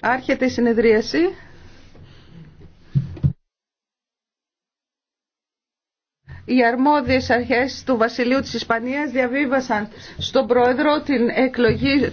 Άρχεται η συνεδρίαση. Οι αρμόδιες αρχές του Βασιλείου της Ισπανίας διαβίβασαν στον Πρόεδρο την εκλογή